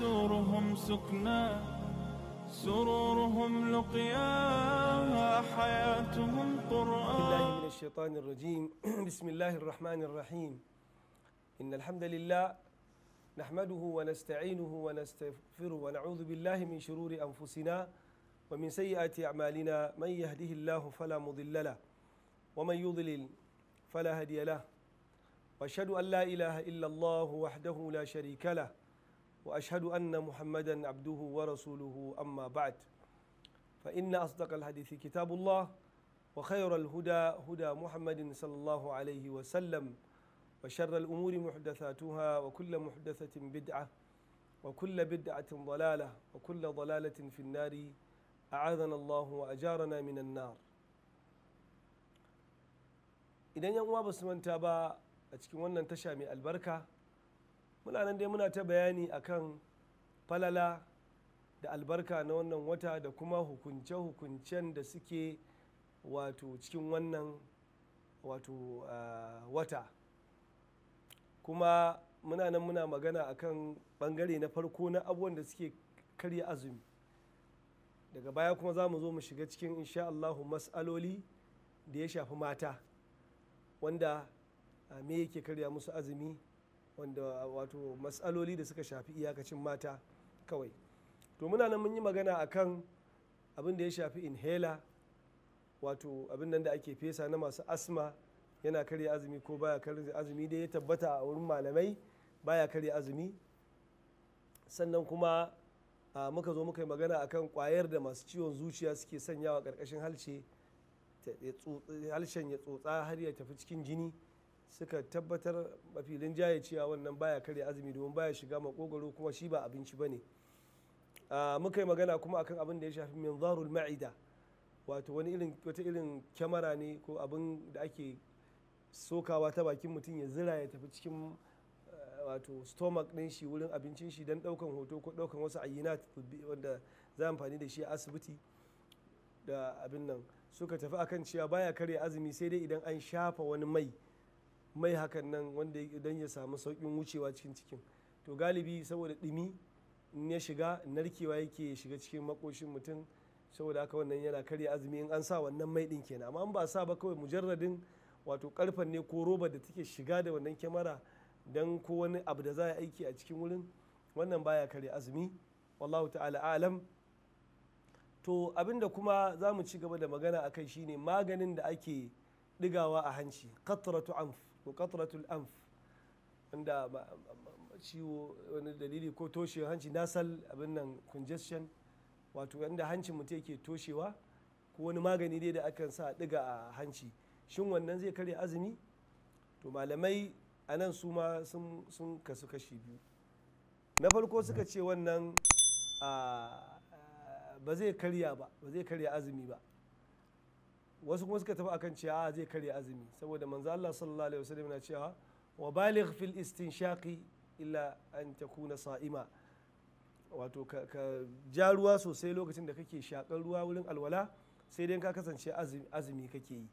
دورهم سكنا سرورهم لقياها حياتهم قرآن بالله من الشيطان الرجيم بسم الله الرحمن الرحيم إن الحمد لله نحمده ونستعينه ونستغفره ونعوذ بالله من شرور أنفسنا ومن سيئات أعمالنا من يهده الله فلا مضل له ومن يضلل فلا هدي له واشهد أن لا إله إلا الله وحده لا شريك له واشهد ان محمدا عبده ورسوله اما بعد فان اصدق الحديث كتاب الله وخير الهدى هدى محمد صلى الله عليه وسلم وشر الامور محدثاتها وكل محدثه بدعه وكل بدعه ضلاله وكل ضلاله في النار اعاذنا الله واجارنا من النار idan yan uwa ba su manta ba a cikin wannan tasha mai albarka muna nan dai muna ta bayani akan falala da albarka na wannan wata da kuma hukunce-hukuncen da suke wato cikin wannan wato wata kuma muna nan muna magana akan bangare na farko na abubuwan da suke karya azumi daga baya kuma za mu zo mu shiga cikin insha Allahu mas'aloli da ya shafi mata wanda me yake karya musu azumi wanda wato matsaloli da suka shafi iyakacin mata kawai to muna nan mun yi magana akan abin da ya shafi inhaler wato abin nan da ake fesa na masu asma yana karya azumi ko baya karya azumi dai ya tabbata a wurin malamai baya karya azumi sannan kuma muka zo muka yi magana akan kwayar da masu ciwon zuciya suke sanyawa karkashin halce halshen ya tsotsa har ya tafi cikin jini suka tabbatar mafilin jaye cewa wannan baya karya azumi domin baya shiga makogaro kuma shi ba abinci ba ne muka yi magana kuma akan abin da ya shafi min zarul ma'ida wato wani irin wata irin kyamara ne ko abin da ake sokawa ta bakin mutum ya zira ya tafi cikin eh, wato stomach ɗin shi wurin abincin shi don ɗaukan hoto ko ɗaukan wasu ayyinat wanda za amfani da shi a asibiti da abin nan suka tafi akan cewa baya karya azumi sai dai idan an shafa wani mai mai hakan nan wanda idan ya samu saukin wucewa cikin cikin to galibi saboda ɗumi in ya shiga narkewa yake shiga cikin makoshin mutum saboda haka wannan yana karya azumi in an sa wannan mai ɗin kenan amma in ba sa ba kawai mujarradin wato karfan ne ko roba da take shiga da wannan kyamara don ko wani abu da za a aiki a cikin wurin wannan baya karya azumi wallahu ta'ala alam to abinda kuma za mu ci gaba da magana akai shine maganin da ake digawa a hanci qatratu anf ko amf anf wanda ciwo wani dalili ko toshe hanci nasal abin nan congestion wato wanda hancin mutum yake toshewa ko wani magani dai da akan sa diga a hanci shin wannan zai karya azumi to malamai a nan su ma sun kasu kashi biyu na farko suka ce wannan ba zai karya ba ba zai karya azumi ba wasu kuma suka tafi akan cewa zai karya azumi saboda manzo Allah sallallahu alaihi wasallam na cewa wa baligh fil istinshaqi illa an takuna sa'ima wato ka, ja ruwa sosai lokacin da kake shakar ruwa wurin alwala sai dai ka kasance azumi kake yi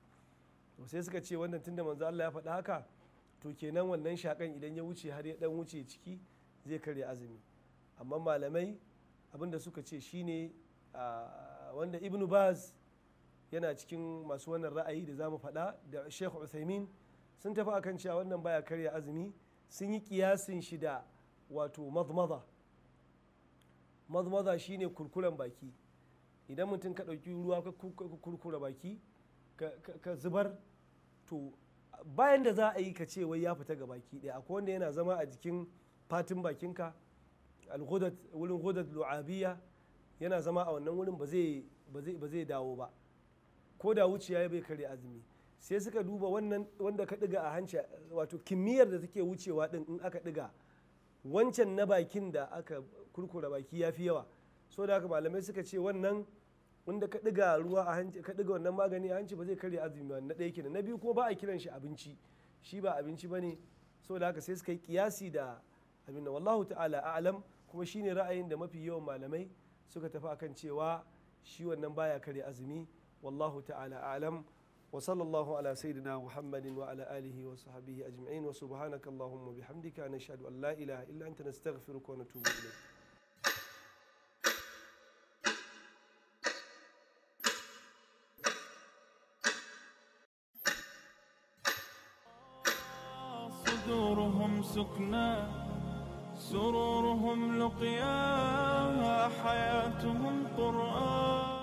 to sai suka ce wannan tunda manzo Allah ya faɗa haka to kenan wannan shakan idan ya wuce har ya dan wuce ciki zai karya azumi amma malamai abinda suka ce shine ah, wanda ibnu baz yana cikin masu wannan ra'ayi da mu faɗa da Sheikh Uthaymin sun tafi akan cewa wannan baya karya azumi sun yi kiyasin shi da wato mazmaza madmada shine kurkuren baki idan mutum ka ɗauki ruwa ka kurkura baki ka zubar to bayan da za a yi ka ce wai ya fita ga baki ɗaya akwai wanda yana zama a jikin fatin bakinka wurin gudat lu'abiya yana zama a wannan wurin ba zai dawo ba ko da wuciya ya bai karya azumi sai suka duba wannan wanda ka ɗiga a hanci wato kimiyyar da take wucewa ɗin in aka ɗiga wancan na bakin da aka kurkura baki ya fi yawa so da haka malamai suka ce wannan wanda ka ɗiga ruwa a hanci ka ɗiga wannan magani a hanci ba zai kare azumi ba na ɗaya kenan na biyu kuma ba a kiran shi abinci shi ba abinci ba ne so da haka sai suka yi kiyasi da abin da wallahu ta'ala a'lam kuma shine ra'ayin da mafi yawan malamai suka tafi akan cewa shi wannan baya karya azumi والله تعالى أعلم وصلى الله على سيدنا محمد وعلى آله وصحبه أجمعين وسبحانك اللهم وبحمدك نشهد أن لا إله إلا أنت نستغفرك ونتوب إليك صدورهم سكنى سرورهم لقيا حياتهم قرآن